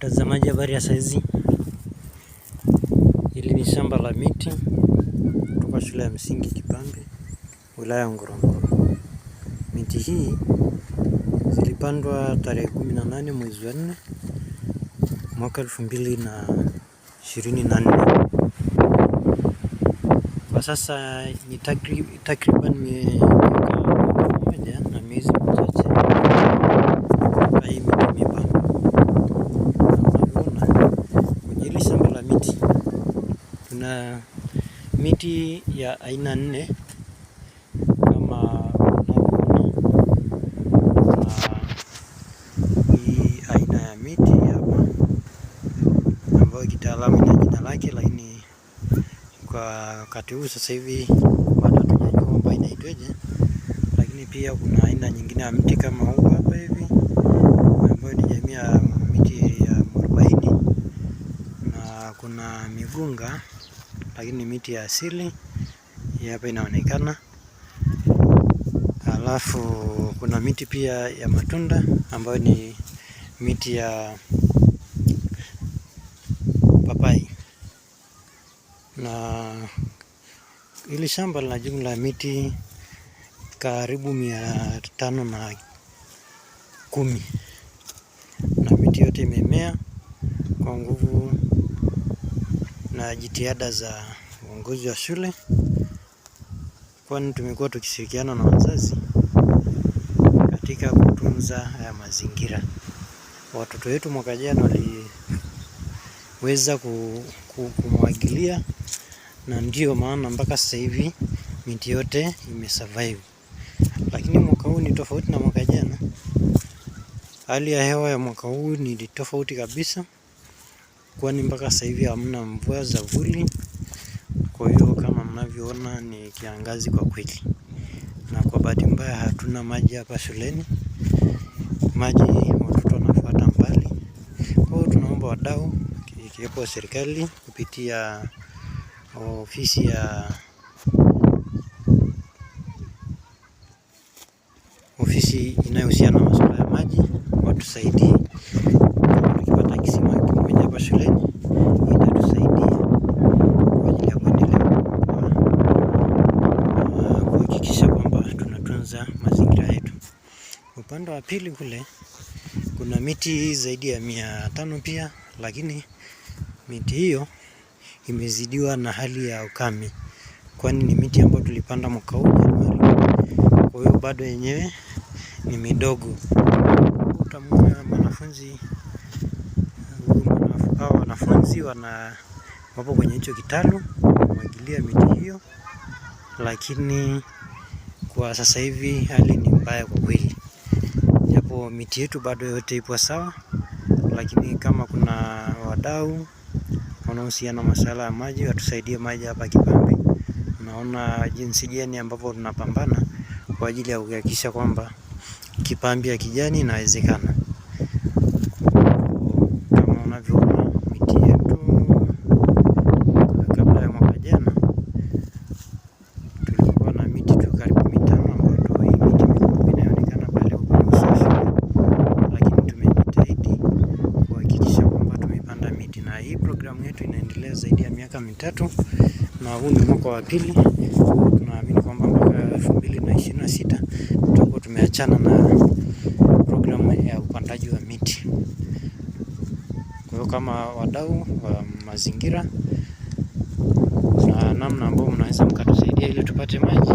Mtazamaji, habari ya saizi. Hili ni shamba la miti kutoka shule ya msingi Kipambe, wilaya Ngorongoro. Miti hii zilipandwa tarehe 18 mwezi wa 4 mwaka 2024. Kwa sasa ni takriban miaka moja na miezi Kuna miti ya aina nne kama unavyoona, hii aina ya miti hapa ambayo kitaalamu ina jina lake, lakini kwa wakati huu sasa hivi bado hatujajua kwamba inaitweje. Lakini pia kuna aina nyingine ya mti kama huu hapa hivi ambayo ni jamii ya miti ya mwarobaini na kuna migunga lakini ni miti ya asili hapa inaonekana. Alafu kuna miti pia ya matunda ambayo ni miti ya papai, na hili shamba lina jumla ya miti karibu mia tano na kumi na miti yote imemea kwa nguvu na jitihada za uongozi wa shule, kwani tumekuwa tukishirikiana na wazazi katika kutunza haya mazingira. Watoto wetu mwaka jana waliweza kumwagilia na ndiyo maana mpaka sasa hivi miti yote imesurvive, lakini mwaka huu ni tofauti na mwaka jana. Hali ya hewa ya mwaka huu ni tofauti kabisa kwani mpaka sasa hivi hamna mvua za vuli. Kwa hiyo kama mnavyoona ni kiangazi kwa kweli, na kwa bahati mbaya hatuna maji hapa shuleni, maji watoto wanafuata mbali. Kwa hiyo tunaomba wadau, ikiwepo serikali kupitia ofisi ya ofisi inayohusiana na masuala ya maji watusaidie mashuleni itatusaidia kwa ajili ya kuendelea kuhakikisha kwamba tunatunza mazingira yetu. Upande wa pili kule kuna miti zaidi ya mia tano pia, lakini miti hiyo imezidiwa na hali ya ukame, kwani ni miti ambayo tulipanda mwaka huu kwa hiyo bado yenyewe ni midogo. Utamwona mwanafunzi hawa wanafunzi wana wapo kwenye hicho kitalu kumwagilia miti hiyo, lakini kwa sasa hivi hali ni mbaya kwa kweli, japo miti yetu bado yote ipo sawa, lakini kama kuna wadau wanaohusiana masuala ya maji watusaidie maji hapa Kipambi. naona jinsi gani ambapo tunapambana kwa ajili ya kuhakikisha kwamba Kipambi ya kijani inawezekana. mitatu na huu ni mwaka wa pili. Tunaamini kwamba mwaka elfu mbili na ishirini na sita tutakuwa tumeachana na programu ya upandaji wa miti. Kwa hiyo kama wadau wa mazingira na namna ambayo mnaweza mkatusaidia ili tupate maji